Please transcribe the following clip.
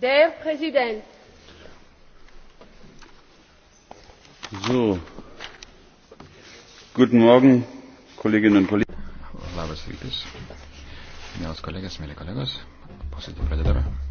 Der Präsident. So. Guten Morgen, Kolleginnen und Kollegen. Labas rytas. Mielas kolegės, mėly kolegos, posėdį pradedame.